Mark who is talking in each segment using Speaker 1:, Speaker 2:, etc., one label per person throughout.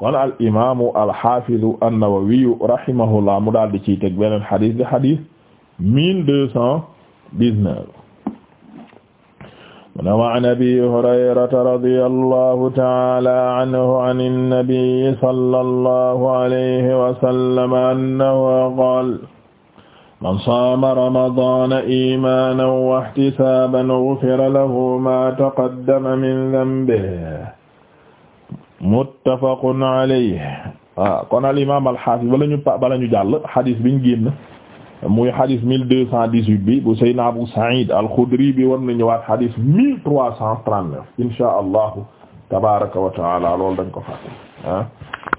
Speaker 1: kon al imaamu al xaafidu an-Nawawiyu rahimahullah mu daal di ciy teg beneen xadis di xadis mille deux cent dix-neuf mu ne wa an abi hurayrata radiyallahu ta'ala anhu an an-nabi sallallahu alayhi wa sallam annahu qaala man saama ramadaana iimaanan wa ihtisaaban ghufira lahu maa taqaddama min dhanbihi muttafaqun alayhi waaw ah, kon al imaam al xaafis bala ñu pa bala ñu jàll xadis biñ génn muy xadis mille deux cent dix-huit bi bu Seydina Abu Saïd al Xudri bi war na ñëwaat xadis mille trois cent trente-neuf inshaa Allahu tabaaraka wa taala loolu dañ ko fàtte ah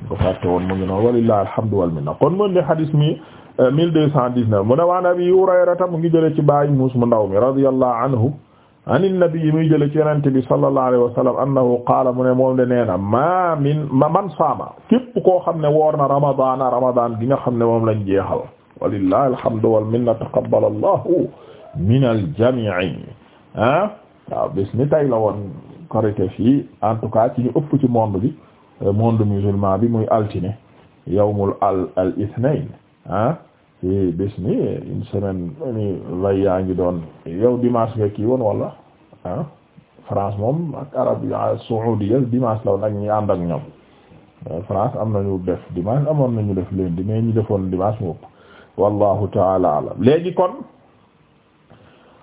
Speaker 1: ko fàtte woon mu ngi noonu walillahi alhamdu wal minna kon mën ne xadis mi mille deux cent dix-neuf mu ne waan Abi Hurayrata mu ngi jëlee ci bàyyi muus mu ndaw mi radiyallahu anhu an innabii muy jële ci yonente bi sallallahu alayhi wa sallam annahu qaala mu ne moom de nee na ma min ma man saama képp koo xam ne woor na ramadana ramadan gi xam ne moom lañ jeexal walillahi alhamdu wal minna taqabbal allahu min aljamii ah waaw bis ni tay la woon korité fii en tout cas ci ñu ëpp ci monde bi euh, monde musulman bi muy altine yawmul al al ithnain ah ci bis une semaine lay yaa ngi doon yow dimanche nga kii woon wala ah France moom ak arab ah, saoudia dimanche la woon ak ñi ànd ak ñoom euh, France am nañu def dimanche amoon nañu def lundi mais ñu defoon dimanche moom wallahu taala alam léegi kon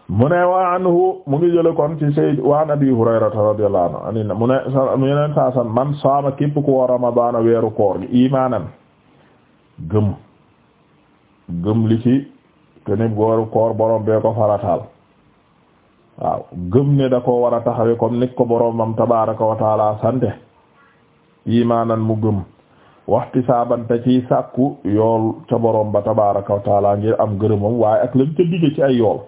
Speaker 1: mu ne wa anhu mu ngi jële kon ci sayyid wa an abi hurayrata radiyallahu anhu mu ne mu yeneen saa man saama képp ku wa ramadana weeru koor gi imanan gëm gëm li ci te ni gooru koor borom bee ko farataal waaw gëm ne da ko war a comme ni ko boromam tabaraka wa taala sante imaanan mu gëm waxti saabanta ci sàkku yool ca borom ba tabaraka wa taala ngir am gërëmam waaye ak lañ ca digge ci ay yool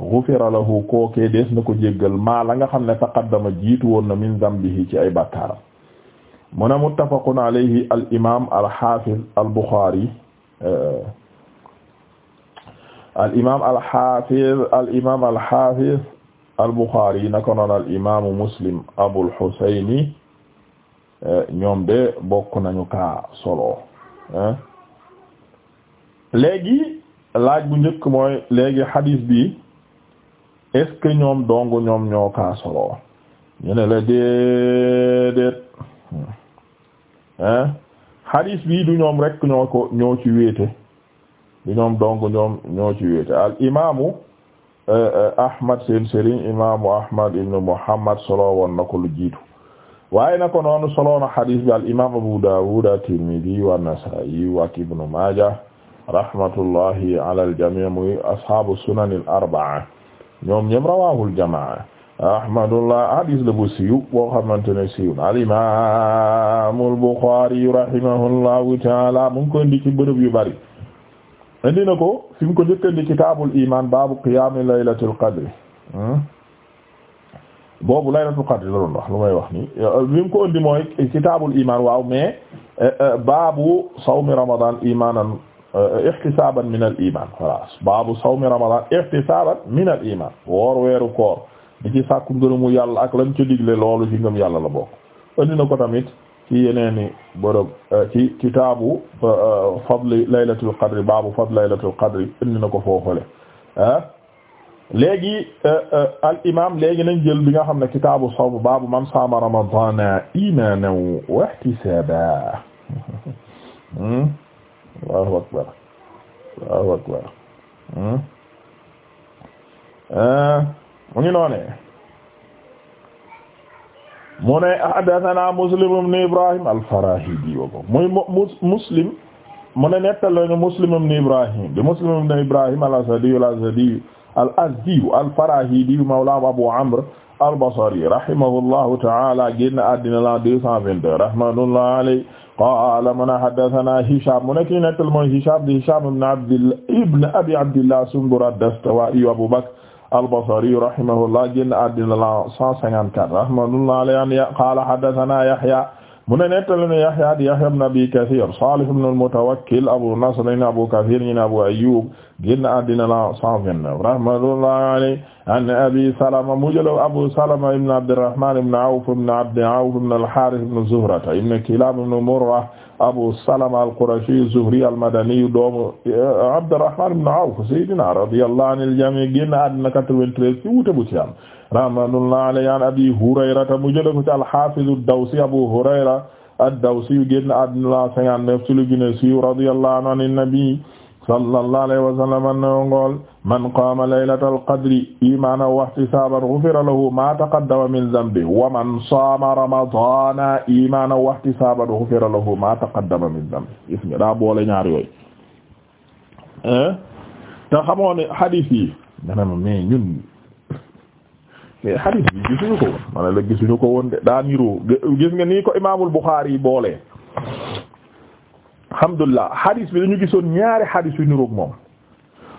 Speaker 1: ghufira lahu kookee dees na ko jéggal maa la nga xam ne taqaddama jiitu woon na min zambihi ci ay bàkkaaram mu ne muttafaqun alayhi al imam al hafiz al bukhari eh, al imaam al xaafiz al imaam al xaafiz al buxaari naka al imaamu muslim abul xusayni eh, ñoom de bokk nañu kaa solo eh. léegi laaj bu njëkk mooy léegi xadiis bi est ñoom dong ñoom ñoo kaa solo ñu ne la déedéet xadiis hmm, eh. bi du ñoom rek ñoo ko ñoo ci wéete. bi ñoom donc ñoom ñoo ci wéete al eh, eh, ahmad seen sëriñ ahmad ibn muhammad solo woon na lu jiitu waaye na ko noonu solo na hadith bi al imaam abu dawud at-tirmidhi wa an-nasa'i wa ibn majah rahmatullahi ala al-jami' muy ñoom ñoom rawahul jamaa rahmatullah hadis la bu siiw boo xamante ne al-imaam al-bukhari ta'ala mu ngi ko indi ci bërëb yu bari indi na ko fi mu ko njëkkandi kitaabul iman baabu qiyaami laylatul qadri hmm? boobu laylatul qadri la doon wax lu may wax nii bi mu ko indi mooy kitaabul iman waaw mais eh, eh, baabu sawmi ramadan imanan eh, ihtisaban min al iman voilà baabu sawmi ramadan min al iman woor weeru koor di ci sàkku ngërëmu yàlla ak lam ci digle loolu ci ngëm yàlla la bokk indi na ko tamit ci yeneeni boro euh, ci kitaabu euh, fadli laylatul qadri baabu fadli laylatul qadri indi na ko foofale léegi euh, al imam léegi nañ jël bi nga xam ne kitaabu sawm baabu man saama ramadana imanan wa ihtisaba hmm? allahu akbar allahu akbar hmm? mu ngi noonee mu ne haddathana Muslim ibn Ibrahim al-Farahidi wa muy Muslim mu ne nettal lañu Muslim ibn Ibrahim de Muslim ibn Ibrahim al-Asadi al-Azdi al-Azdi al-Farahidi mawla Abu Amr al-Basri rahimahullahu ta'ala génn àddina la 222 rahmatullahi alayhi qaala mu ne haddathana Hisham mu ne ki nettal mooy Hisham di Hisham ibn Abdillah ibn Abi Abdillah Sunbur ad-Dastuwaa'i Abu Bakr al-Basri rahimahullah génn àddina la 154 rahmatullah alayhi qala haddathana Yahya mu ne nettali na Yahya di Yahya ibn Abi Kathir Salih ibn al-Mutawakkil Abu Nasr ibn Abu Kathir ibn Abu Ayyub génn àddina la 129 rahmatullah alayhi an Abi Salama mu jël Abu Salama ibn Abd al-Rahman ibn Awf ibn Abd Awf ibn al-Harith ibn Zuhrata ibn Kilab ibn Murrah Abu Salama al-Qurashi az-Zuhri al-Madani doomu eh, Abdurrahman ibn Awf sayyidina radiyallahu anil jami' génn àddina 93 ci wuute bu ci am rahmatullahi alayhi an Abi Hurayrata mu jëlee ko ci al-Hafiz ad-Dawsi Abu Hurayra ad-Dawsi génn àddina 59 ci lu gën a siiw radiyallahu anhu an-nabi sallallahu alayhi wa sallam annawongool man qaama laylatal qadri imaanan wa ihtisaaban ghufira lahu maa taqaddama min dhanbihi wa man saama ramadaana imaanan wa ihtisaaban ghufira lahu maa taqaddama min dhanbihi gis nga daa boole ñaar yooyu eh? te xamoo ne hadith yi ganama mais ñun gis nga nii ko imaamul Buxaari boole alhamdulilah hadis bi dañu gisoon ñaari hadis yu niroog moom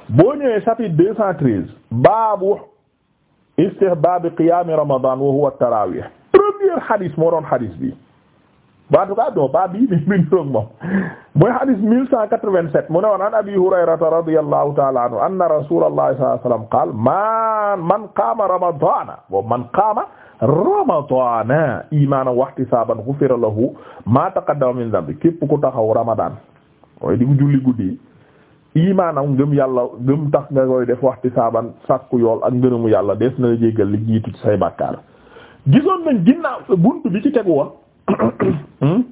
Speaker 1: boo ñëwee chapitre deux cent treize baabu istihbaabi qiyaami ramadan wa huwa tarawih premier hadis moo doon hadis bi en tout cas doo ba bii bi bi niroog moom mooy hadis mille cent quatre-vingt-sept mu ne woon an abi hurayrata radiyallahu ta'ala anhu rasulallahi sallallahu alayhi qaal man man qaama ramadana boobu man qaama ramadana imanan wa ihtisaban ghufira lahu ma taqaddama min dhanbi képp ku taxaw ramadan mooy di julli guddi imaanam ngëm yàlla ngëm tax nga koy def ihtisaban sàkku yool ak ngërëmu yàlla des na la jéggal li jiitu say bàkkaar gisoon nañ ginnaaw buntu bi Hmm?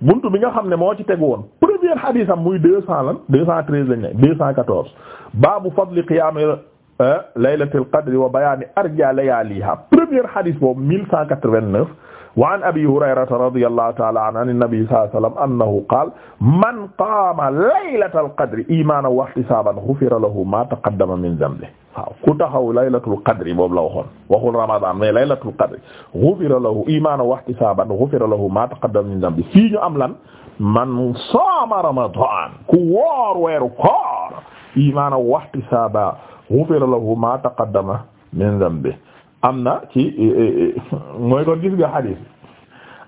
Speaker 1: buntu bi nga xam ne moo ci tegu woon premier hadith am muy deux cent lan deux cent treize lañ ne deux cent quatorze baabu fadli qiyaam eh, laylatul qadri wa bayaani arja layaaliha premier hadith boobu mille cent quatre-vingt-neuf wa an abi hurayrata radiyallahu ta'ala anhu an an-nabi sallallahu alayhi wa sallam annahu qaala man qaama laylatal qadri iimaanan wa ihtisaaban ghufira lahu maa taqaddama min dhanbihi waaw ku taxaw laylatul qadri boobu la waxoon waxul ramadan mais laylatul qadri ghufira lahu iimaanan wa ihtisaaban ghufira lahu maa taqaddama min dhanbihi fii ñu am lan man saama ramadan ku woor weeru koor iimaanan wa ihtisaaban ghufira lahu maa taqaddama min dhanbihi am na ci e, e, e, mooy kon gis nga xadiis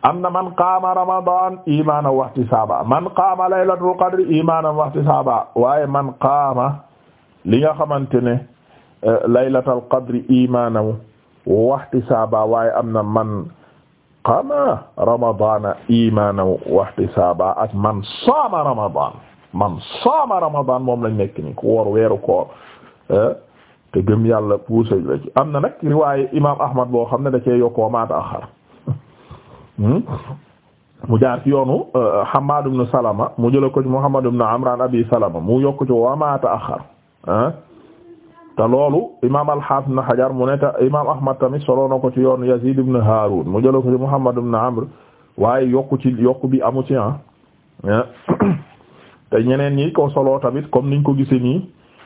Speaker 1: am na man qaama ramadan imanan wahtisaba man qaama laylatul qadri imanan wahtisaba waaye man qaama li nga xamante ne laylatul qadri imanan wahtisaba waaye am na man qaama ramadana imanan wahtisaba ak man saama ramadan man saama ramadan moom lañ nekk ni ku woor weeru koor te gëm yàlla puusa la ci am na nag riwaaye imaam ahmad boo xam ne da cee yokkoo maata axar hmm? mu jaar ci yoonu euh, Hammad ibn Salama mu jëla ko ci Muhammad ibn Amr an Abi Salama mu yokk ci wa maata axar ah loolu imaam al-Hafiz ibn Hajar mu ne te imaam ahmad tamit solo na ko ci yoonu Yazid ibn Harun mu jëla ko ci Muhammad ibn Amr waaye yokku ci yokk bi amu ci ah te ñeneen ñi ko solo tamit comme niñ ko gisee nii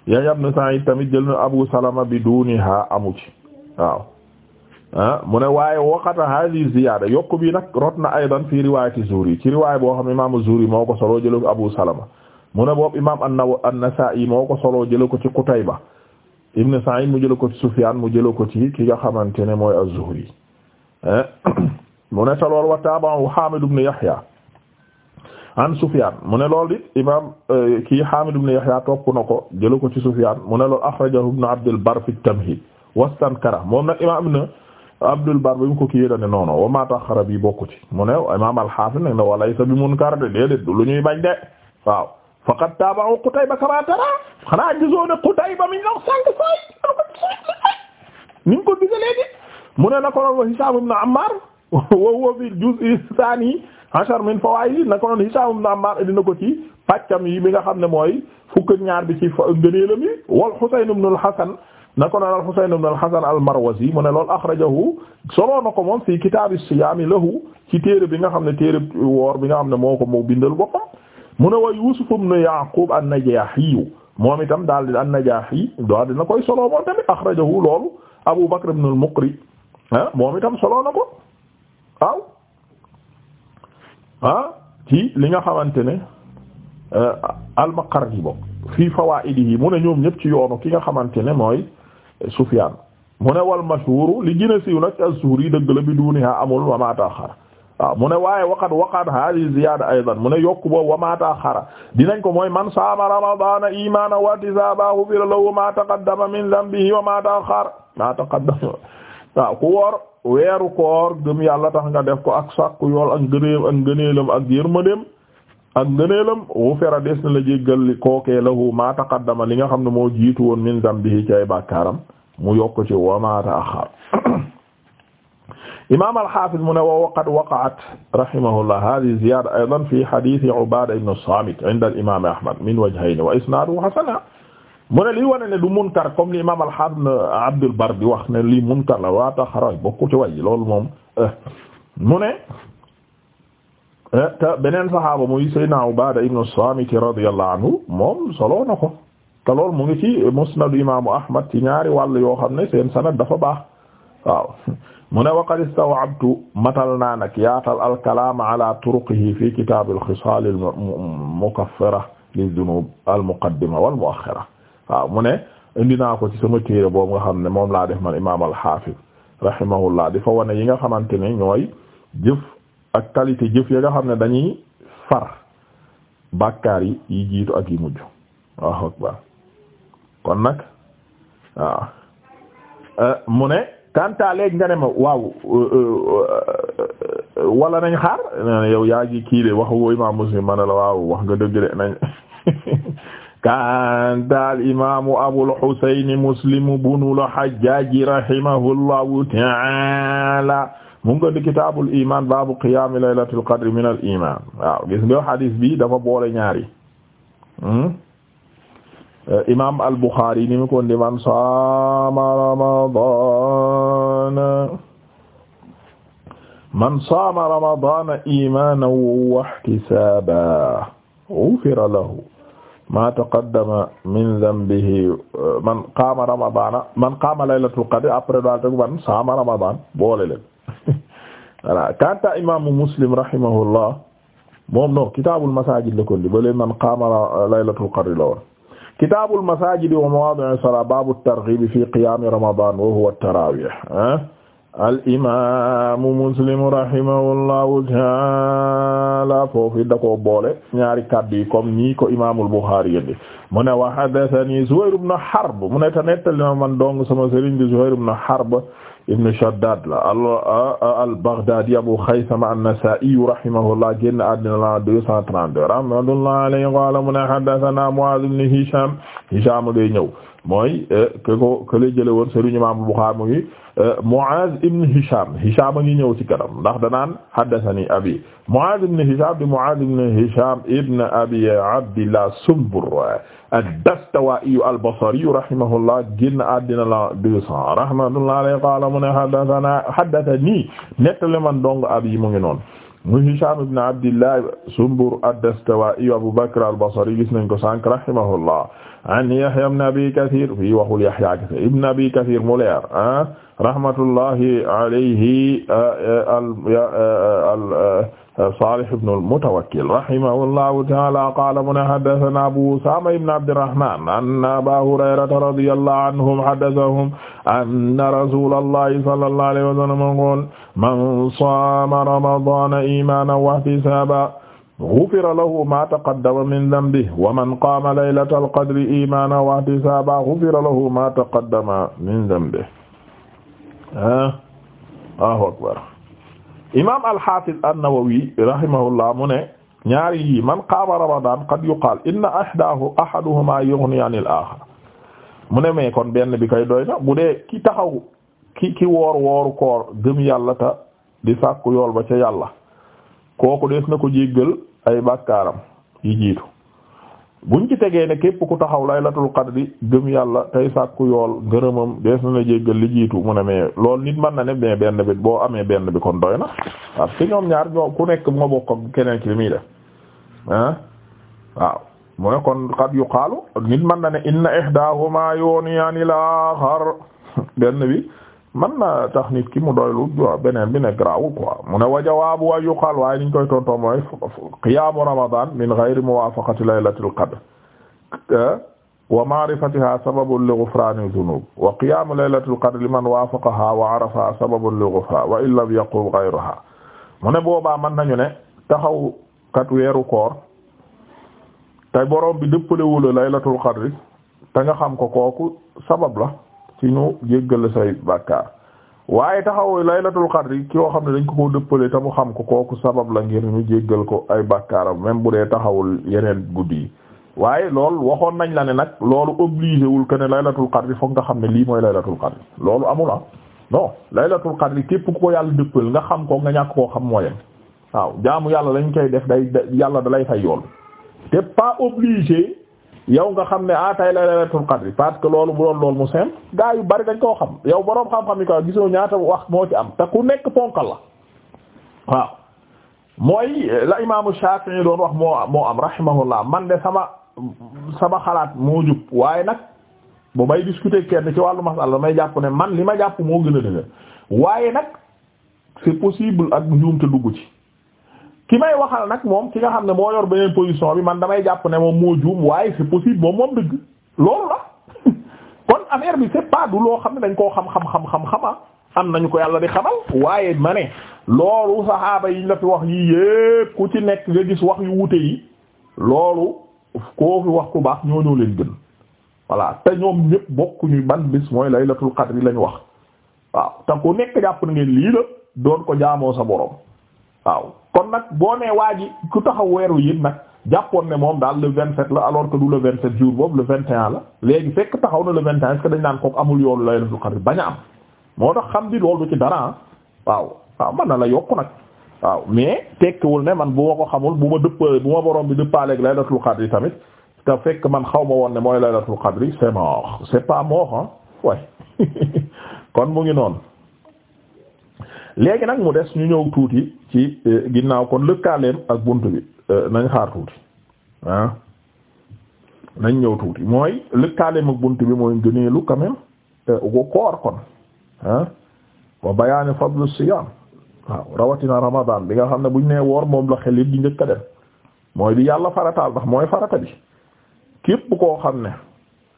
Speaker 1: Yahya ibn Sa'id tamit jël na Abu Salama bi duniha amu ci waaw ah mu ne waaye waqata hadi ziyaada yokku bi nag rot na aydan fi riwaayati Zuhri ci riwaay boo xam ne imaam Zuhri moo ko solo jëlee ko Abu Salama mu ne boobu imaam an-Nasaa'i moo ko solo jëlee ko ci Qutayba ibn Sa'id mu jëlee ko ci Sufyaan mu jëlee ko ci ki nga xamante ne mooy az-Zuhri eh, mu ne te loolu wa taaba'ahu Haamid ibn Yahya an Sufyan mu ne lool it imaam euh, kii Hamid ibn Yahya topp na ko jëlee ko ci Sufyan mu ne lool akhrajahu ibn Abdul Barr fi Tamhid wastankara moom nag imaam ibn Abdul Barr bi mu ko kii dane noono wa ma taxara bi bokku ci mu ne imaam al-Hafiz nag walaysa bi munkar de déedéet lu ñuy bañ de waaw faqad taaba'u Qutayba kama tara xanaa gisoo ne Qutayba mi ñox sànq sooy ni nga ko gisee léegi mu ne na ko noon wa Hishaam ibn Ammar wa ashar min fawaa'id naka noonu Hishaam ibn Ammaar dina ko ci pàccam yi bi nga xam ne mooy fukk ak ñaar bi ci ngëneelam yi wal Husayn ibn al-Hasan naka noonu al-Husayn ibn al-Hasan al-Marwazi mu ne loolu akhrajahu solo na ko moom fii kitaab as-siyaam lahu ci téere bi nga xam ne téere woor bi nga xam ne moo ko moo bindal boppam mu ne wa Yuusuf ibn Yaquub an-Najaahi moom itam daal di an-Najaahi daal dina koy solo moom tamit akhrajahu loolu Abu Bakr ibn al-Muqri ah moom itam solo na ko waaw. ah ci li nga xamante ne euh, al-Maqardi bo fii fawaa'idihi mu ne ñoom ñëpp ci yoonu ki nga xamante ne mooy Sufyaan mu ne wal mashhuur li gën a siiw nag az-Zuhri dëgg la bi duunihaa amul wa maa ta'axxara waaw mu ne waaye waqad waqad haadihi ziyaada aydan mu yokk boobu wa maa ta'axxara dinañ ko mooy man saama ramadaana iimaanan wa ihtisaaban ghufira lahu maa taqaddama min danbihi wa maa ta'axxara maa taqaddama waaw ku woor weeru koor gëm yàlla tax nga def ko ak sàkku yool ak gëneem ak ngëneelam ak yërmandeem ak ngëneelam ghufira des na la jéggal kookee lahu ma taqaddama li nga xam ne moo jiitu woon min zambihi ci ay bàkkaaram mu yokk ci wa ma ta'akhkhar imam al-hafiz mu ne wa qad waqa'at rahimahullah hadhihi ziyada aydan fi hadith ubada ibn as-samit 'inda al-imam ahmad min wajhayn wa isnaduhu hasan mu ne lii wane ne du munkar comme li imam alhadn Abdul Bar bi wax ne lii munkar la waa tax xaraw bokku ci way loolu moom eh. mu ne eh, te beneen saxaaba muy Seydina Ubaada ibnu Saamit radiyallahu anhu moom soloo na ko te loolu mu ngi ci musnadu imaamu Ahmad ci ñaari wàll yoo xam ne seen sanad dafa baax waaw mu ne waqad istaw'abtu matal naa nag yaatal alkalaama ala turuqihi fi kitaabil xisaal al mukaffira lil dunuub al muqaddima wal muaxxira waaw mu ne indi naa ko ci sama téere boobu nga xam ne moom laa def man imaam al-Hafiz rahimahullah di fa wane yi nga xamante ne ñooy jëf ak qualité jëf yi nga xam ne dañuy far bàkkaar yi yi jiitu ak yi mujj waaw akbar kon nag waaw euh, mu ne kanta léegi nga ne ma waaw euh, euh, wala nañ xaar yow yaa ngi kii de waxu imam Muslim ma ne la waaw wax nga dëgg de nañ kanta alimamu abulhusaini muslimu bunul hajjaji rahimahullahu taala mu ngi ko di kitaabul iman baabu qiyaami laylatul qadri min al iman waaw gis nga hadis bi dafa boole ñaari hmm? imam al buxaari ni mu ko ndi man saama ramadana man saama ramadana imanan wa ihtisaban ghufira lahu ma taqaddama min dhanbihi man qaama ramadana man qaama laylatul qadr après daal teg man saama ramadan boole leen voilà kanta imaamu muslim rahimahullah moom non kitaabul masaajid la ko ndi baleen man qaama laylatul qadr la woon kitaabul masaajid wa mawaadi'is salaa baabu targhiib fi qiyaami ramadaan wa huwa at-taraawih al imaamu muslim rahimahullahu taala foofu da koo boole ñaari kàddu yi comme nii ko imaamul Buxaari yëdde mu ne wa haddathanii Zuhayr ibn Harb mu ne ta nettali na man dong sama sëriñ di Zuhayr ibn Harb ibn Shaddad la al-Baghdaadi Abu Khaythama an-Nasaa'i rahimahullah génn àddina la 232 rahmatullahi alayhi qaala mu ne haddathanaa Mu'aaz ibn Hishaam Hishaam day ñëw mooy euh, ke ko ke le jële woon sëriñ imam Bukhari muy euh, Muaz ibn Hisham Hisham a ngi ñëw ci kanam ndax danaan haddathani abi Muaz ibn Hisham bi Muaz ibn Hisham ibn abi Abdillah Sumbur ad-Dastuwa'i al-Basri rahimahullah génn àddina la deux cents rahmatullah alayhi qala mu ne haddathana haddathani nettali man dong abi mu ngi noonu mu Hisham ibn Abdillah Sumbur ad-Dastuwaa'i Abu Bakr al-Basri gis nañ ko sànq rahimahullah an Yahya ibn Abi Kathir fii waxul Yahya kese ibn Abi Kathir mu leer ah rahmatullahi alayhi ah, ah, ah, Salih ibn al-Mutawakkil rahimahullahu ta'ala qaala mu ne haddathana Abu Usaama ibn Abdirrahmaan anna Abaa Hurayrata radiyallahu anhum haddathahum anna rasuulallahi sallallahu alayhi wa sallam qaala man saama ramadana imanan wahtisaba gufira lahu ma taqaddama min dambi wa man qaama laylata alqadri imanan wahtisaba gufira lahu ma taqaddama min dambi ah Allahu akbar imam alhafiz an-Nawawi rahimahullah mu ne ñaari yi man qaama ramadan qad yuqaal inna ahdahu ahaduhuma yughni an al-akhar mu ne mais kon benn bi koy doy na bu dee ki taxaw ki ki woor wooru koor gëm yàlla ta di sàkku yool ba ca yàlla kooku des na ko jéggal ay bàkkaaram yi jiitu buñ ci tegee ne képp ku taxaw laylatul qadri gëm yàlla tey sàkku yool ngërëmam dees na la jéggal li jiitu mu ne mais loolu nit mën na ne mais benn bi boo amee benn bi kon doy na parce que ñoom ñaar ku nekk nga bokk ak keneen ki li muy def waaw mu ne kon qad yuqaalu nit mën na ne inna ihdahuma yuni anil akhar benn bi man na tax nit ki mu doylu beneen bi ne graw quoi mu ne wa jawaabu an yuqaal waaye niñ koy tontoo mooy qiyaamu ramadan min ghayri muwaafaqati laylatil qadr eh, wa ma'rifatiha sababun li ghufrani dhunub wa qiyaamu laylatil qadr liman waafaqaha wa arafaha sababun li wa in lam yaqum ghayruha mu ne boobaa man nañu ne taxaw kat weeru koor te borom bi dëppalewul laylatul qadr te nga xam ko kooku sabab la ci ñu jéggal say bàkkaar waaye taxaw laylatul qadri ki woo xam ne dañ ko ko dëppale te mu xam ko kooku sabab la ngir ñu jéggal ko ay bàkkaaram même bu dee taxawul yeneen guddi yi waaye lool waxoon nañ la ne nag loolu obligé wul que ne laylatul qadri foog nga xam ne lii mooy laylatul qadri loolu amul ah non laylatul qadri képp ku ko yàlla dëppal nga xam ko nga ñàkk koo xam moo yem waaw jaamu yàlla lañ koy def day yàlla da lay fay yool te pas obligé yow nga xam ne ah tay la laylatul qadr parce que loolu bu doon loolu mu seen gaa yu bari dañ koo xam yow boroom xam-xam yi ko gisoo ñaata wax moo ci am te ku nekk ponkal la waaw mooy la imaamu Shafi'i doon wax moo moo am rahimahullah man de sama sama xalaat moo jub waaye nag bu may discuter kenn ci wàllu masala may jàpp ne man li ma jàpp moo gën a dëgg waaye nag c'est possible ak njuumte dugg ci ki may waxal nag moom ki nga xam ne moo yor ba beneen position bi man damay jàpp ne moom moo juum waaye c'est possible moom moom dëgg loolu la kon affaire bi c'est pas du loo xam ne dañ koo xam xam xam xam xama ah. am nañu ko yàlla di xamal waaye ma ne loolu saxaaba yi la fi wax yi yépp ku ci nekk nga gis wax yu wute yi loolu koo fi wax ku baax ñoo ñoo leen gën voilà te ñoom ñépp bokkuñu ban bis mooy laylatul qadr lañ wax waaw te ku nekk jàpp na ngeen lii doon ko jaamoo sa boroom waaw kon nag boo nee waa ji ku taxaw weeru yit nag jàppoon ne moom daal le 27 la alors que du le 27 jour boobu le 21 la léegi fekk taxaw na la 21 est-ce que dañ naan kooku amul yoonu laylatul qadr bañ a am moo tax xam di loolu du ci dara ah waaw waaw mën na la yokk nag waaw mais tekkiwul ne man bu ma ko xamul bu ma dëppale bu ma borom bi dëppaaleeg laylatul tamit te fekk man xaw ma woon ne mooy laylatul qadr c'est mort c'est pas mort ah way kon mu ngi noonu. léegi nag mu des ñu ñëw tuuti ci euh, ginnaaw kon lëkkaaleem ak bunt bi euh, nañ xaar tuuti ah nañ ñëw tuuti mooy lëkkaaleem ak bunt bi mooy gëneelu quand même ko euh, koor kon ah wa bayaani fadlu siyam waaw rawatina ramadan bi nga xam ne buñ ne woor moom la xel it di njëkk a dem mooy bi yàlla farataal ndax mooy farata bi képp koo xam ne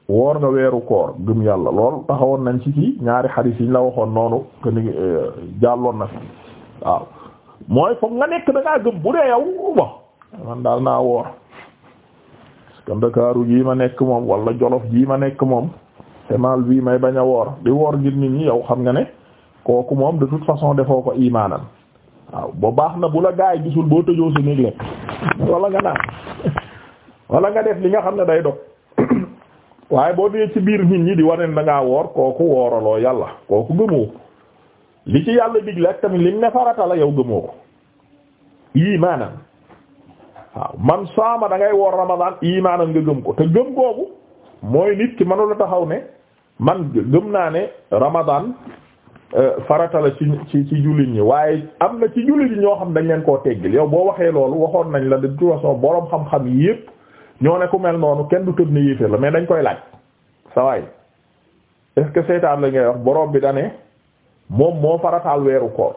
Speaker 1: woor nga weeru koor gëm yàlla lool taxawoon nañ ci ci ñaari xarit yi ñu la waxoon noonu que ni euh, jàlloon na fi waaw mooy foog nga nekk da gëm bu dee yow bon daal naa woor parce jii ma nekk moom wala Jolof jii ma nekk moom te mal bii may bañ woor di woor ngir nit ñi yow xam nga ne kooku moom de toute façon defoo ko imaanan waaw ba baax na bu la gaay gisul boo tëjoo sa néeg lekk nga naan wala nga def li nga xam ne day dog waaye boo dee ci biir nit ñi di wane da ngaa woor kooku wooraloo yàlla kooku gëmoo li ci yàlla digle ak tamit lim ne farata la yow gëmoo ko iimaanan waaw man saama da ngay woor ramadaan iimaanan nga gëm ko te gëm googu mooy nit ki mënula taxaw ne man gëm naa ne ramadaan euh, farata la ci ci ci jullit ñi waaye am na ci jullit ñoo xam dañ leen koo teggil yow boo waxee loolu waxoon nañ la de toute façon boroom xam-xam yépp ñoo ne ku mel noonu kenn du tëb ne yéeféer la mais dañ koy laaj sa waay est-ce wax borom bi dane moom moo farataal weeru koor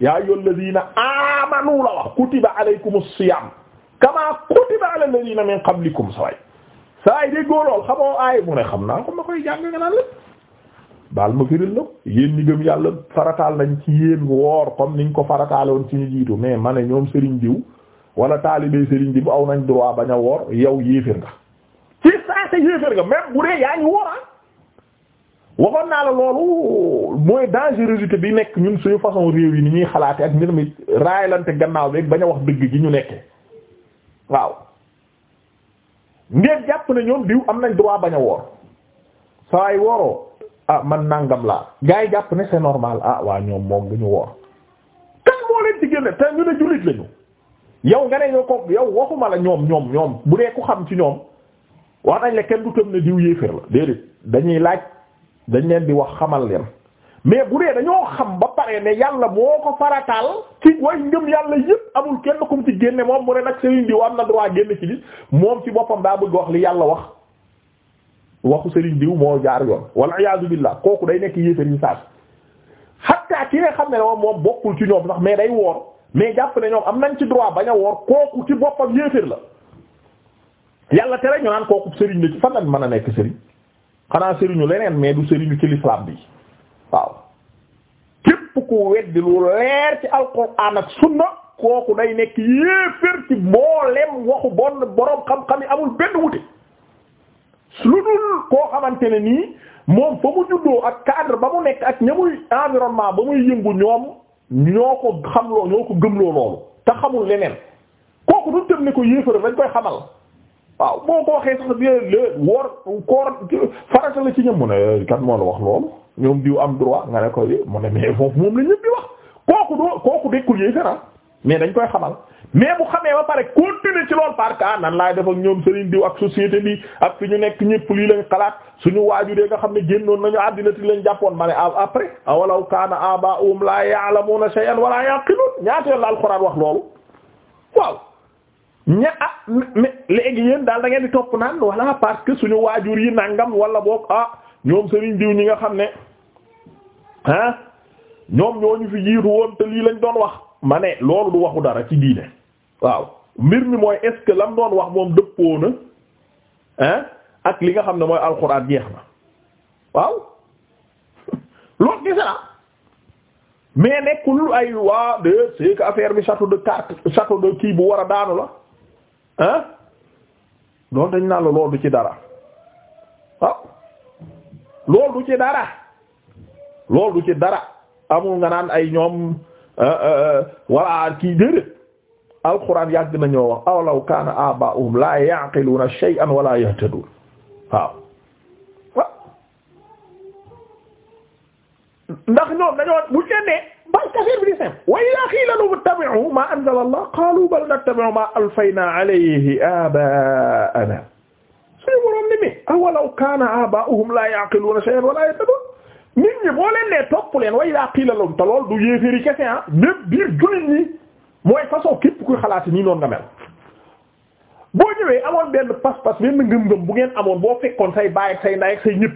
Speaker 1: yaa ayyul ladina amanu la wax kutiba alaykumus siyam kama kutiba alal ladina min qablikum sa waay sa waay déggoo lool xamoo aay mu ne xam naa ko ma koy jàng nga naan la baal ma firil la yéen ñi gëm yàlla farataal nañ ci yéen woor comme niñ ko farataaloon ci ñu jiitu mais ma ne ñoom sëriñ diw wala taalibey sëriñ bi bu aw nañ droit bañ a woor yow yéefér nga ci saa sa yéefér nga même bu dee yaa ngi woor ah. waxoon naa la loolu mooy dangerosité bi nekk ñun suñu façon réew yi ni ñuy xalaate ak mbir mi raayalante gannaaw beeg bañ a wax dëgg gi ñu nekkee waaw ngeen jàpp ne ñoom diw am nañ droit bañ a woor saa yi wooroo ah man nangam laa gars yi jàpp ne c'est normal ah waa ñoom moom du ñu woor kan moo leen ci génne te ñu ne jullit lañu yow nga ne ñoo ko yow waxuma la ñoom ñoom ñoom bu dee ku xam ci ñoom wax nañ la kenn du tëm ne diw yéeféer la déedéet dañuy laaj dañ leen di wax xamal leen mais bu dee dañoo xam ba pare ne yàlla moo ko farataal ci way ngëm yàlla yëpp amul kenn kum ci génne moom mu ne nag Serigne diw am na droit génn ci li moom ci boppam daa bëgg wax li yàlla wax waxu Serigne diw moo jaar yoon wal iyaazu billah kooku day nekk yéeféer yi saas hatta ki nga xam ne moom bokkul ci ñoom sax mais day woor mais jàpp ne am nañ ci droit bañ a woor kooku ci boppam yéeféer la yàlla tere ñu naan kooku sëriñ la ci fan la mën a nekk sëriñ xanaa sëriñu leneen mais du sëriñu ci l'islam bi waaw képp ku weddi lu leer ci alxuraan ak sunna kooku day nekk yéeféer ci mboolem waxu bon boroom xam-xam yi amul benn wute lu dul koo xamante ne nii moom fa mu juddoo ak cadre ba mu nekk ak ña muy environnement ba muy yëngu ñoom ñoo ko xam xamloo ñoo ko gëmloo loolu te xamul leneen kooku du tëm ne ko yéefar dañ koy xamal waaw moo ko waxee sax l woor koor farata la ci ñoom mu ne eh, kat moo la wax loolu ñoom diw am wax nga ne ko eh, mu ne mais foofu moom la ñëpp di wax kooku doo kooku dekkul yéefar ah. mais dañ koy xamal mais bu xamee ba pare continuer ci loolu parce que ah nan laay def ak ñoom Serigne diw ak société bi ak fi ñu nekk ñëpp lii lañ xalaat suñu waajuree nga xam ne génnoon nañu àddina ti lañ jàppoon ma ne ah après awalaw kaana abaa'uhum laa ya'lamuuna shay'an wa laa yaqiluun ñaata yoon la alxuraan wax loolu ah daal da ngeen di topp naan wala parce que suñu waajur yi nangam wala boog ah ñoom Serigne diw ñi nga xam ne ah ñoom ñoo ñu fi jiiru woon te lii lañ doon wax. ma ne loolu du waxu dara ci diine waaw mbir mi mooy est la que doon wax moom dëppoo na ak li nga xam ne mooy alxuraan jeex na waaw loolu gis na mais nekkul ay waa de c'est affaire bi château de carte château de kii bu war a daanu la hein loolu dañ naan la du ci dara waaw loolu du ci dara loolu du ci dara amul nga naan ay ñoom wala euh, euh, euh, kii déedéet alquran yàgg nañoo wax awlaw kaana abaahum la ya'qiluuna shay'an wala yahtaduun waaw ndax ñoom dañoo bu leen ne parce que affaire bi di simple wa ila xiila lahum ittabi'u ma anzala allah qaalu bal nattabi'u ma alfaynaa alayhi aabaa'anaa suñu boroom ni mi awlaw kaana abaahum la ya'qiluuna shay'an wala yahtaduun nit ñi boo leen nee topp leen way la xiilalom te lool du yéeféeri kese ah même biir jullit ñi mooy façon képp kuy xalaati nii noonu nga mel boo ñëwee amoon benn pas-pas benn ngëm-ngëm bu ngeen amoon boo fekkoon say baay ak say ndaay ak say ñëpp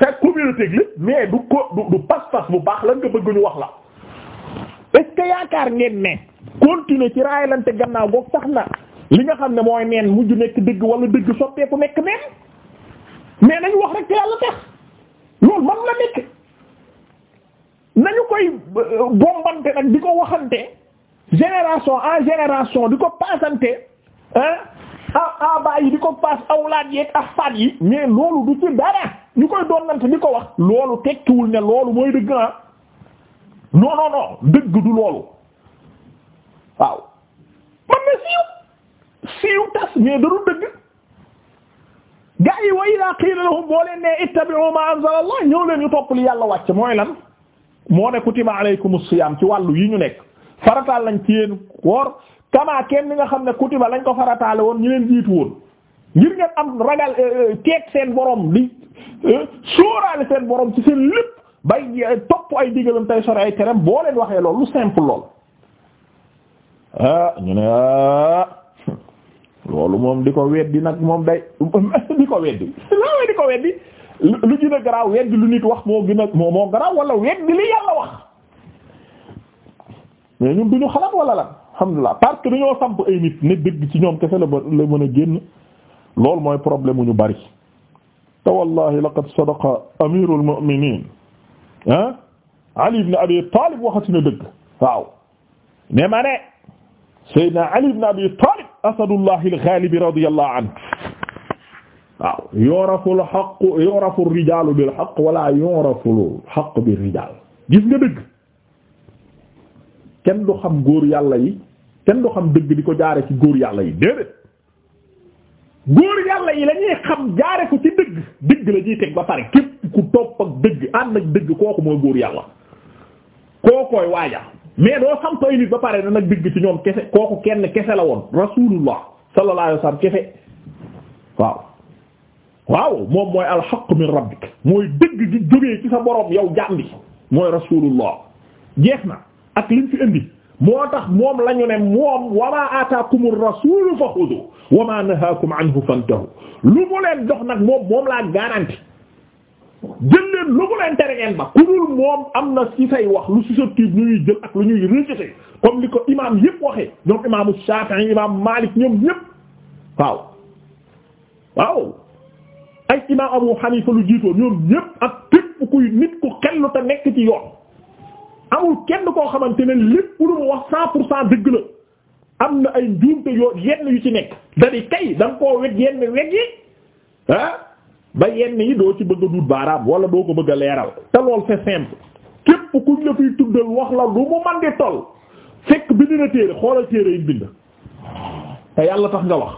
Speaker 1: sa communauté gi mais du ko du pas-pas bu baax lañ nga bëgg ñu wax la est ce yaakaar ngeen ne continuer ci raayalante gannaaw goog tax na li nga xam ne mooy neen mujj nekk dëgg wala dëgg soppeeku nekk neen mais nañ wax loolu man la nekk nañu koy euh, bombante nag di ko waxante génération en génération di ko paasante ah ah abaay yi di ko paas awlaad yeeg ak faat yi mais loolu du ci dara ñu koy doonante li ko wax loolu tekkiwul ne loolu mooy dëgg ah non non non dëgg du loolu waaw man na siiw siiw tas mais da du dëgg gaa yi wa idaa qiila lahum boo leen nee ittabi'u ma anzala ñëw leen ñu topp li yàlla wàcc mooy lan moo ne kutiba alaykum as-siyaam ci wàllu yi ñu nekk farataal lañ ci yéen woor kamaa kenn ni nga xam ne kutiba lañ ko farataale woon ñu leen jiitu woon ngir ngeen am ragal euh, euh, teeg seen borom li euh, sóoraale seen borom ci seen lépp bay topp ay digalam tay sore ay terem boo leen waxee loolu lu simple lool ah ñu ne ah. loolu moom di ko weddi nag moom day di ko weddi looy di ko weddi lu gën a garaaw weddi lu nit wax moo gën a moo moo garaaw wala weddi li yàlla wax mais ñun du ñu xalaat wala la alhamdulilah parce que dañoo samp ay nit ne digg ci ñoom kese la la mën a génn loolu mooy problème mu ñu bari te wallahi laqad sadaqa amirul mu'minin ah Ali ibn Abi Talib waxati na dëgg waaw mais ne Seydina Ali ibn Abi Talib asadullahi alxaalibi radiyallahu anhu waaw yorafu lxaqu yorafu rijalu bil xaq wala yorafu lxaq bi rijal gis nga dëgg kenn du xam góor yàlla yi kenn du xam dëgg di ko jaare ci góor yàlla yi déedéet góor yàlla yi la ñuy xam jaare ko ci dëgg dëgg la ñuy teg ba pare képp ku topp ak dëgg ànd ak dëgg kooku mooy góor yàlla kookooy waaja mais doo samp ay nit ba pare nag digg ci ñoom kese kooku kenn kese la woon rasulullah sallallahu alayhi wasallam kese waaw waaw moom mooy alxaq min rabbik mooy dëgg gi jógee ci sa borom yow jàmbi mooy rasulullah jeex na ak liñ fi indi moo tax moom lañu ne moom wa maa aataakum ar-rasuulu fa xudu wa nahaakum anhu lu mu leen jox nag moom laa garanti leen lu mu leen tere ba ku dul moom am na ci say wax lu susceptible ñu ñuy jël ak lu ñuy rejeté comme li ko imaam yépp waxee ñoom imaamu Shafi'i imaam Maalik ñoom ñëpp waaw waaw ay imaam Abu Hanifa lu jiitoon ñoom ñëpp ak tépp kuy nit ku xellu te nekk ci yoon amul kenn koo xamante ne lépp lu mu wax cent pour cent dëgg la am na ay njuumte yoo yenn yu ci nekk da kay da ko koo weg yenn weg yi ah ba yenn yi doo ci bëgg a baaraam wala doo ko bëgg a leeral te lool c'est simple képp kuñ la fiy tuddal wax la lu mu man di toll fekk bind na téere xoolal téere yi bind te yàlla tax nga wax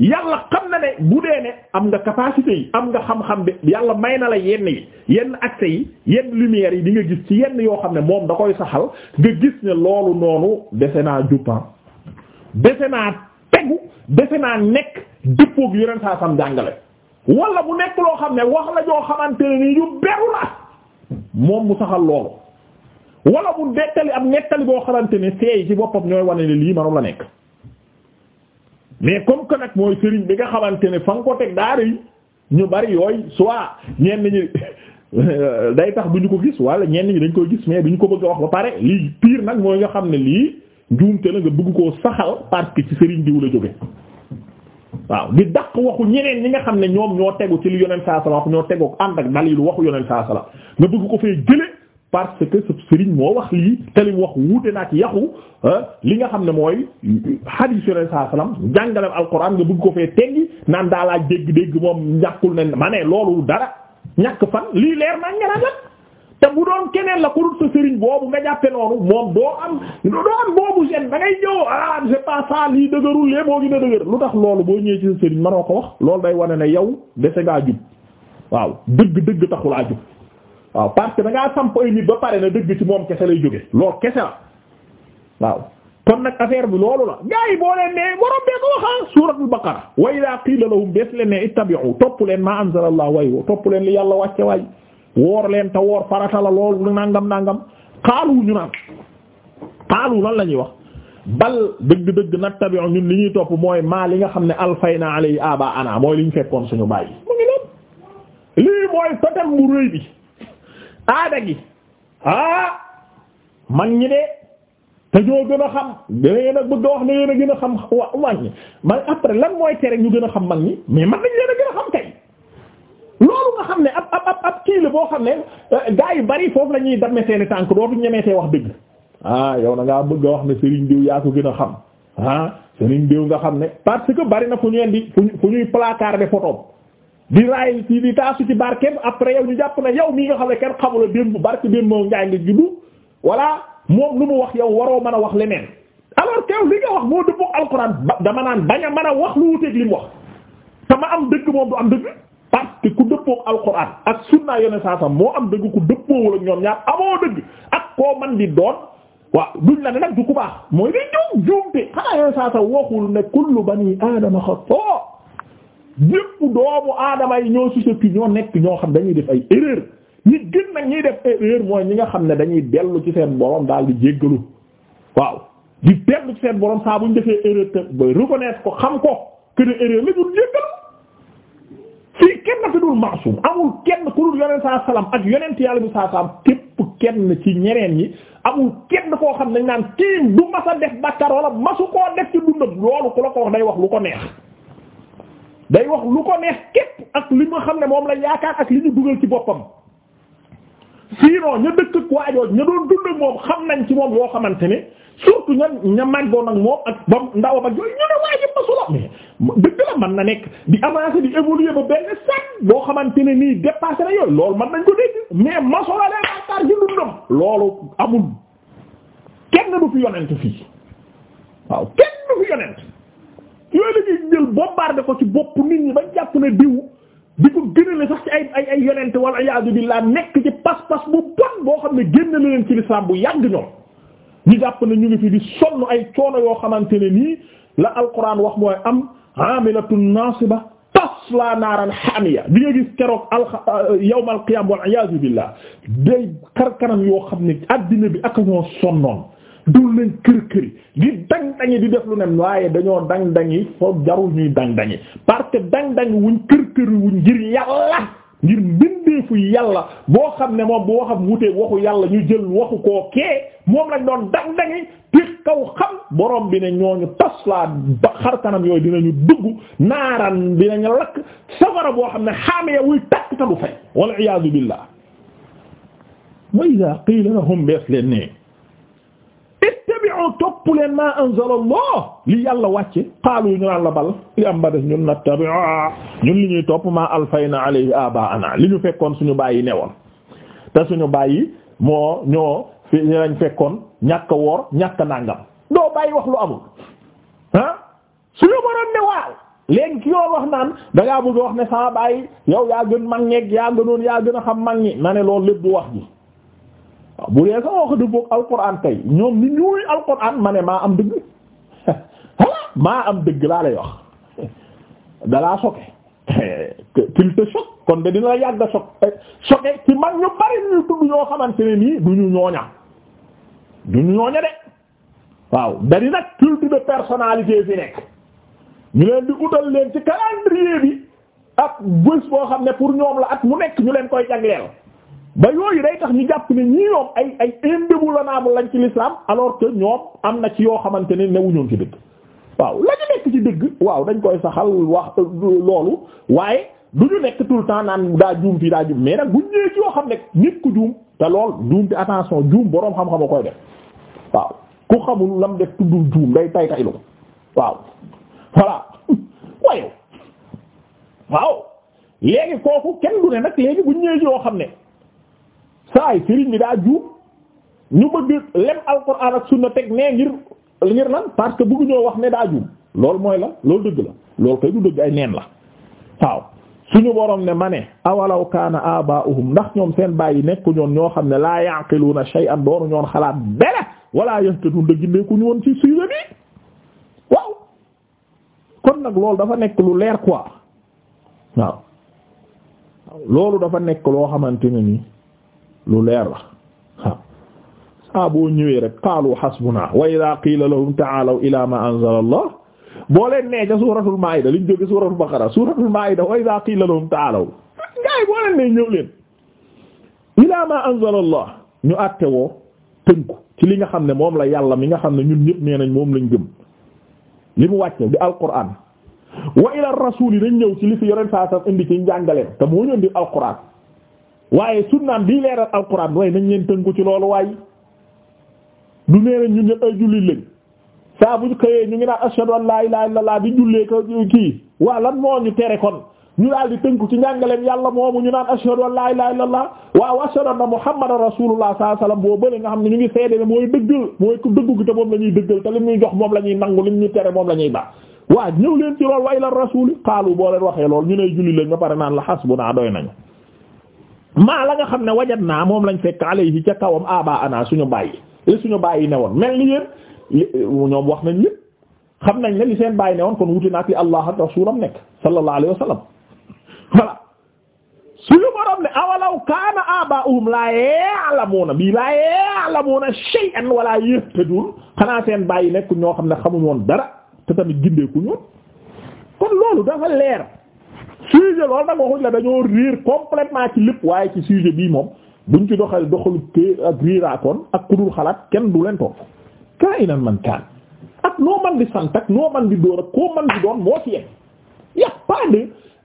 Speaker 1: yàlla xam na ne bu dee ne am nga capacité yi am nga xam-xam bi yàlla may na la yenn yi yenn accès yi yenn lumières yi di nga gis ci yenn yoo xam ne moom da koy saxal nga gis ne loolu noonu dese naa juppan ah. dese naa tegu dese naa nekk dëppoog yeneen saa sam jàngale wala bu nekk loo xam ne wax la joo xamante ne nii beru la moom mu saxal loolu wala bu nettali am nettali boo xamante ni seey ci boppam ñooy wane ne lii manu la nekk mais comme que nag mooy sëriñ bi nga xamante ne fa nga ko teg daara yi ñu bari yooyu soit ñenn ñi day tax du ñu ko gis wala ñenn ñi dañ koy gis mais du ñu ko bëgg a wax ba pare lii pire nag mooy nga xam ne lii njuumte la nga bëgg koo saxal parce que ci sëriñ diw la jóge waaw di dàq waxu ñeneen ñi nga xam ne ñoom ñoo tegu ci li yonent saa sala wax ñoo tegu ànd yi dalilu waxu yonent saa sala nga bëgg ko fee jële parce que sa moo wax lii te li mu wax wuute na ak yàqu ah, li nga xam ne mooy hadith yonent saa salaam jàngaleem alquran nga bëgg ko fee teggi naan daa laa dégg-dégg moom ñàkkul ne ma ne loolu dara ñàkk fan lii leer naa ngelaat la. te bu doon keneen la ku dul sa sëriñ boobu nga jàppe noonu moom doo am doo am boobu seen da ngay jëw ah c'est lii dëgërul lee moo gën dëgër lu tax loolu boo ñëwee ci sa sëriñ manoo ko wax loolu day wane ne yow dese ngaa waaw dëgg dëgg taxu jub waaw parce que da ngaa samp ba pare na dëgg ci moom kese lay jóge loolu kese waaw kon nag affaire bi loolu la gaa yi boo leen ne bee ko waxa suuratul baqara wa idaa qiila lahum bes leen ne leen maa anzalallahu way topp leen li yàlla wàcce waay woor leen te woor farata la loolu nangam nangam xaalu ñu naan xaalu lan la ñuy wax bal dëgg-dëgg nattabi'u ñun li ñuy topp mooy maa li nga xam ne alfayna yi aba ana mooy li ñu fekkoon suñu bàyyi mu ngi leen lii mooy total mu rëy bi aada gi ah mag ñi de te ñoo gën a xam yéen a bëgg a wax ne yéen a gën a xam wa wàññi man après lan mooy tere ñu gën a xam mag ñi mais man nañ leen a gën a xam kay loolu nga xam ne ab ab ab kii la boo xam ne euh, gaa yu bari foofu la ñuy damme seeni tànk dootu ñemeetee wax dëgg ah yow na ngaa bëgg a wax ne Serigne Diw yaa ko gën a xam ah Serigne Diw nga xam ne parce que bari na fu ñuy di fu ñuy placardé photo di raay ci di taasu ci barkeem après yow ñu jàpp na yow mii nga xam ne kenn xamula démb barke démb moo njaay nga juddu voilà moom lu mu wax yow waroo mën a wax leneen alors que li nga wax moo dëppoo ak alxuraan dama naan bañ a mën a wax mu wax te ma am dëgg moom am dëgg. parce que ku dëppoo alquran ak sunna yone moo am dëgg ku dëppoowul ak ñoom ñaar amoo dëgg ak koo man di doon waaw duñ la ne nag du ku baax mooy di juum juumte xanaa yone saa sam waxul ne kullu bani aadama xataa yépp doomu aadama yi ñoo susceptible ñoo nekk ñoo xam dañuy def ay erreur ñi gën nag ñuy def erreur mooy ñi nga xam ne dañuy dellu ci seen borom daal di jéggalu waaw di dellu ci seen borom saa buñ defee erreur te ba ko xam ko que ne erreur la ñu jéggalu fii kenn fi dul maasum amul kenn ku dul yonent saa salaam ak yonent yàlla bi saa salaam képp kenn ci ñeneen yi amul kenn koo xam ne dañ naan kii du masa def bàkkar wala masu koo def ci dundam loolu ku la ko wax day wax lu ko neex day wax lu ko neex képp ak li nga xam ne moom la yaakaar ak li ñu dugal ci boppam sinon ña dëkk ak waajooj ña doon dund moom xam nañ ci moom yoo xamante ni surtout ña ña màggoon ak moom ak ba ndaw ba jooy ñu ne waaye yëpp masu dëgg la man na nekk di avancer di évoluer ba benn set boo xamante ne nii dépassé na yooyu loolu mën nañ ko dégg mais masoŋa leen àttar ci dundam loolu amul kenn du fi yonent fii waaw kenn du fi yonent yooyu la ñuy jël bombarder ko ci bopp nit ñi ba jàpp na diw di ko gënale sax ci ay ay ay yonent wala iyaadu billaah nekk ci pas-pas bu bon boo xam ne génn na leen ci lislaam bu yàgg ñoom ñu jàpp ne ñu ngi fi di sonn ay coono yoo xamante ne nii la alquran wax mooy am. amilatun nasiba tasla naaran hamiya di nga gis keroog alxa yawmal qiyaam wal iyaazu billah day karkanam yoo xam ne addina bi ak ñoo sonnoon dul nañ kër këri di dang-dangi di def lu ne waaye dañoo dang-dangi foofu jarul ñuy dang-dangi parce que dang-dangi wuñ kër këri wuñ ngir yàlla ngir mbindeefu yàlla boo xam ne moom boo xam wuteeg waxu yàlla ñu jël waxu koo kee moom lañ doon dang-dangi te kaw xam borom bi ne ñooñu tas laa yooyu dinañu dugg naaraan dinañu lakk safara boo xam ne xaamiya wuy takk ta du fay wal iyaadu billah wa iza qiila lahum bees leen ne ittabi'u topp leen ma anzala Allah li yàlla wàcce qaalu ñu naan la bal li am ba des ñun nattabi'a ñun li ñuy topp ma alfayna alayhi aba'ana li ñu fekkoon suñu bàyyi newoon te suñu bàyyi moo ñoo fi lañ fekkoon ñàkk woor ñàkk nàngam doo bàyyi wax lu amul ah suñu boroom ne waaw léegi ki yoo wax naan dangaa bëgg wax ne sama bàyyi yow yaa gën mag ñeeg yaa gënoon yaa gën a xam mag ñi na ne loolu lépp du wax ji waaw bu dee sax wax dëgg alquran tey ñoom ni ñuy alquran ma ne maa am dëgg maa am dëgg laa lay wax dalaa soke qu'il te choque kon de dina la yàgg a eh, choque ci mag ñu bari ñu tudd ñoo xamante ne nii du ñu ñooña du ñooña de waaw dari nag culte de personnalité fi nekk ñu leen di utal leen ci calendrier bi ak bés boo xam ne pour ñoom la ak mu nekk ñu leen koy jagleel ba yooyu day tax ñu jàpp ne ñii ñoom ay ay indéboulonnables lañ ci l'islam alors que ñoom am na ci yoo xamante ne newuñu ci dëgg waaw la nekk ci dëgg waaw dañ koy saxal wax euh, loolu waaye du ñu nekk tout le temps naan daa juum fii daa juum mais nag bu ñëwee ci yoo xam ne nit ku juum te lool juum te attention juum boroom xam-xam a koy def waaw ku xamul lam def tuddul juum day tay taylu waaw voilà waaye waaw léegi kooku kenn du ne nag léegi bu ñëwee yoo xam ne. saa yi bi daa juum ñu bëgg lem alquran ak sunna teg nee ngir ngir lan parce que bëgg ñoo wax ne daa juum loolu mooy la loolu dëgg la loolu kay du dëgg ay neen la waaw suñu borom ne ma ne awalaw kaana aba'uhum ndax ñoom seen bàyyi nekku ñoon ñoo xam ne laa yaqiluna shay'an doonu ñoon xalaat bele wala yahtadun da gindeeku ñu woon ci sujet bi waaw kon nag loolu dafa nekk lu leer quoi waaw loolu dafa nekk loo xamante ne nii lu leer la waaw saa boo ñëwee rek qaalu xasbunaa wa idaa qiila lahum ta'aalaw ilaa maa anzala allah boo leen nee ca suuratul maayida liñ jóge suuratul baqara suuratul maayida wa idaa allah ñu àtte woo tënku ci li nga xam ne moom la yàlla mi nga xam ne ñun ñëpp nee moom lañ gëm li mu wàcce di alquraan wa ila rasuul yi nañ ñëw ci li fi yoneen saa sax ci njàngaleem te moo ñu indi alquraan waaye sunnaam bii leeral alquran waaye nañ leen tënku ci loolu waaye du nee ñun ñëpp ay jullit lañ saa bu xëyee ñu ngi naan ashhadu an laa ilaaha illallaah di jullee ko kii waa lan moo ñu tere kon ñu daal di tënku ci njàngaleem yàlla moomu ñu naan ashhadu an laa ilaaha illallaah waaw ashhadu anna na rasuulullaah sallallaahu alayhi wa sallam boo bële nga xam ne ñu ngi seede ne mooy dëggal mooy ku dëggu gi te moom la ñuy dëggal te lim ñuy jox moom la ñuy nangu lim ñu tere moom la ñuy baax waa ñëw leen ci loolu wa ila rasuuli waxee lool ñu ne julli lañ ba pare naan la hasbunaa doy maa la nga xam ne wajat naa moom lañ fekk alayhi ca kawam suñu bàyyi li suñu bàyyi ne woon mel ni yéen ñoom wax nañ lépp xam nañ ne li seen bàyyi ne woon kon wuti naak li allah ak rasulam nekk suñu borom ne awalaw kaana aba'uhum la ya'lamuna bi la ya'lamuna shay'an wala yahtadun xanaa seen bàyyi nekk ñoo xam ne xamuñ woon dara te tamit gindeeku ñoon kon loolu dafa leer sujet lool nag waxuñ la dañoo réer complètement ci lépp waaye ci sujet bii moom bu ñu ci doxal doxalu kii ak riiraakoon ak kudul xalaat kenn du leen toog kaa inan man kaan ak noo man di sant noo man di door ak koo man di doon moo ci yem y'a pas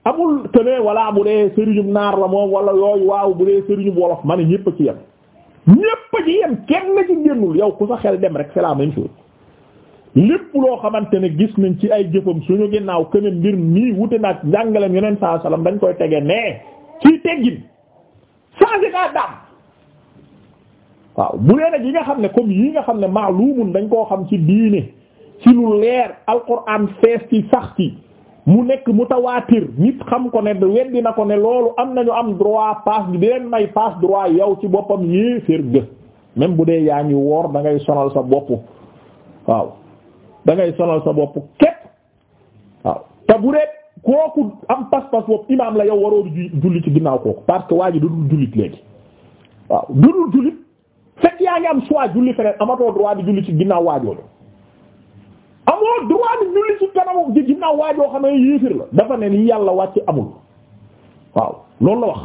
Speaker 1: amul que ne voilà bu dee sëriñum naar la moom wala yooyu waaw bu dee sëriñum wolof ma ne ñépp a ci yem ñépp a ci yem kenn ci génnul yow ku sa xel dem rek c'est la même lépp loo xamante ne gis nañ ci ay jëfam suñu ginnaaw këne mbir mii wute naag jàngalem yeneen saa dañ koy tege nee ci teggin changé naa waaw bu dee nag yi nga xam ne comme yi nga xam ne maalumun dañ koo xam ci diine ci lu leer alquran fees ci sax ci mu nekk mutawaatir nit xam ko ne weddi na ko ne loolu am na ñu am droit passe bi di may passe droit yow ci boppam yéeféer gë même bu dee yaa ngi woor da ngay sonal sa bopp waaw da ngay sonal sa bopp képp waaw te bu dee kooku am pas-pas bopp imaam la yow waroo julli ci ginnaaw kooku parce que waa ji du dul jullit léegi waaw du dul jullit fekk yaa ngi am choix julli feneen amatoo droit di julli ci ginnaaw waajoo amoo droit di julli ci kanam ci ginnaaw waajoo xam ne yéefir la dafa ne li yàlla wàcc amul waaw loolu la wax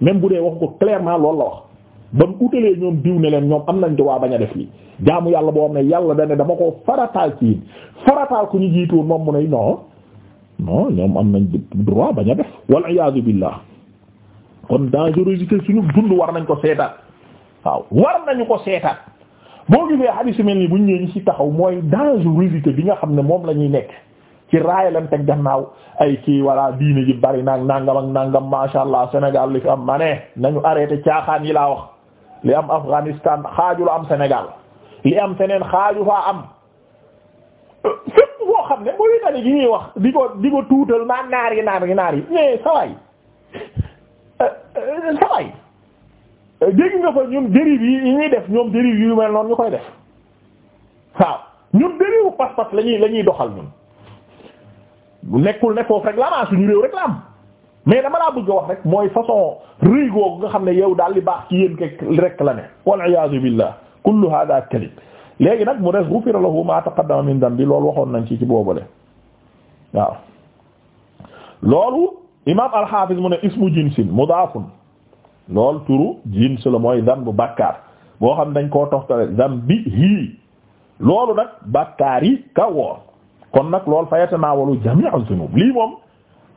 Speaker 1: même bu dee waxu ko clairement loolu la wax ba mu utalee ñoom diw ne leen ñoom am nañ droit bañ a def lii jaamu yàlla boo am na yàlla dane dama ko farataal ci farataal ku ñu jiituwoon moom mu ne non ñoom am nañ droit bañ a def wal iyaadu billah kon dangerosité suñu dund war nañ ko seetaat waaw war nañu ko seetaat boo gisee hadith mel ni buñ ñëwee ci taxaw mooy dangerosité bi nga xam ne moom la ñuy nekk ci te gannaaw ay kii walla diine ji bari nag nangam ak nangam masha Allah Sénégal li fi am ma nañu arrêté caaxaan yi laa wax li am Afghanistan xaaju la am Sénégal li am feneen xaaju faa am euh, fépp boo xam ne Mauritanie gi ñuy wax di ko di ko tuutal naan naar yi naar yi naar yi mais saway saway euh, euh, dégg nga fa ñun dérive yi ñuy def ñoom yu mel noonu ñu koy def waaw ñun dérive pas-pas lañuy lañuy doxal ñun nekkul ne foofu rek la réew rek la am mais dama laa bëgg rek mooy façon rëy googu nga xam ne yow daal li baax ci yéen rek la ne wal iyaazu billah kullu hada kalim léegi nag mu des ghufira lahu ma taqaddama min dambi lool waxoon nañ ci ci boobale waaw loolu imam al-Hafiz mu ne ismu jinsin mudaafun loolu turu jins la mooy dan bu bàkkaar boo xam dañ koo toxtale dan bi hii loolu nag bàkkaar yi kon nag loolu fa yatanaawalu jami'u dhunub lii moom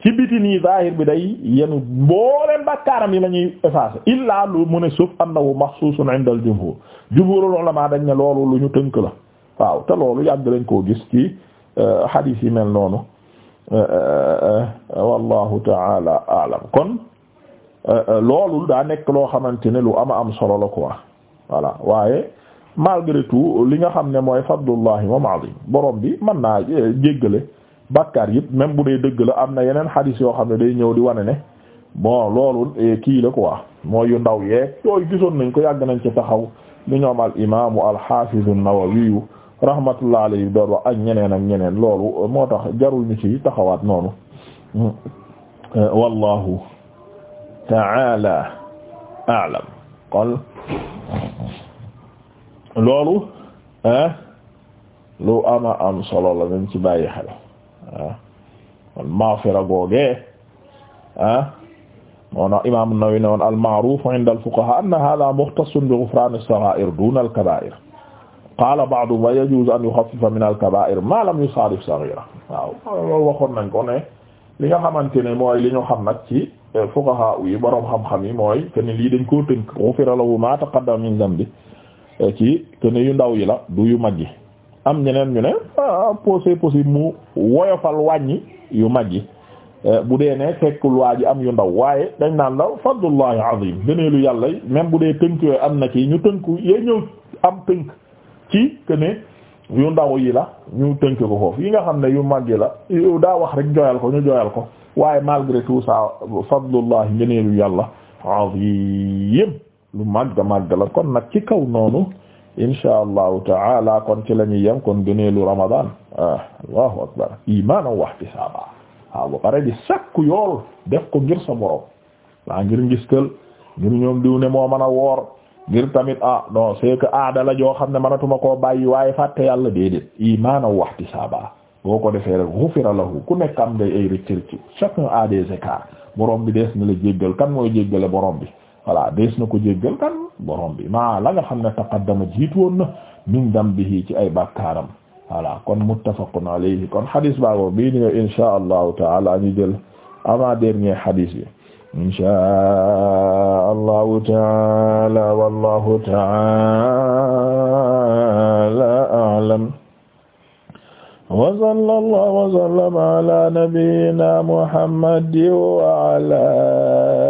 Speaker 1: ci biti nii zahir bi day yenu mbooleen bakkaaram yi la ñuy effacé illaa lu mu ne suuf annahu maxsuusun inda al jumhur jumhurul ulama dañ ne loolu lu ñu tënk la waaw te loolu yàgg lañ koo gis ci hadith euh, yi mel noonu euh, euh, wallahu taala alam kon loolu daa nekk loo xamante ne lu ama am solo la quoi voilà waaye malgré tout li nga xam ne mooy fadlullahi moom azim borom bi mën naa jéggale bàkkaar yëpp même bu dee dëgg la am na yeneen xadis yoo xam ne day ñëw di wane ne bon loolu e, kii la quoi mooy yu ndaw yeeg yooyu gisoon nañ ko yàgg nañ ci taxaw li ñoom al imaamu al xaafizu an-Nawawi rahmatullah alayhi doon wax ak ñeneen ak ñeneen loolu moo tax jarul ñu ci taxawaat noonu wallahu taala aalam kon loolu eh, lu ama am solo la nañ ci bàyyi xel ah kon maghfira googee ah moo na imam An-Nawawi ne woon al-ma'ruf 'inda al-fuqaha anna hadha mukhtassun bi ghufran as-sagha'ir duna al-kaba'ir qala ba'du wa yajuz an yukhaffifa min al-kaba'ir ma lam yusadif saghira waaw loolu waxoon nañ ko li nga xamante ne mooy li ñu xam nag ci eh, fuqaha yi boroom xam-xam yi mooy ken lii dañ koo tënk lahu ma taqaddama min dhanbi eh, ci ken yu ndaw yi la du yu mag yi am ñeneen ñu ne ah possible mu woyofal wàññi yu mag yi eh, bu dee ne fekkul waa ji am yu ndaw waaye dañ naan la fadlullahi azim gëneelu yàlla même bu dee tënk yooyu am na ci ñu tënku yee ñëw am tënk ci que yu ndaw yi la ñu tënk ko foofu yi nga xam ne yu mag yi la daa wax rek jooyal ko ñu jooyal ko waaye malgré tout ça fadlullahi gëneelu yàlla azim lu màgg màgg la kon nag ci kaw noonu insha allahu taala kon ci la ñuy yem kon gëneelu Ramadan ah, allahu akbar imaanan wa ihtisaaba waaw ba pare di sakku yool def ko ngir sa borom waa ngir ngis ngir ñoom diw ne moo mën a woor ngir tamit ah non c'est que aada la joo xam ne mënatuma koo bàyyi waaye fàtte yàlla déedéet imaanan wa ihtisaaba boo ko defee rek ghufira lahu ku nekk am day ay rëcc rëcc chacun a borom bi dees na la jéggal kan mooy jéggale borom bi voilà dees na ko jéggal kan borom bi maa la nga xam ne taqaddama jiitu woon na min dambihi ci ay bàkkaaram voilà kon muttafaqun alayhi kon hadis baabo bii ni insha allahu taala ñu jël avant dernier hadis bi insha allahu taala wallahu taala a'lam wa sallallahu wa sallama ala nabiyyina muhammadin wa ala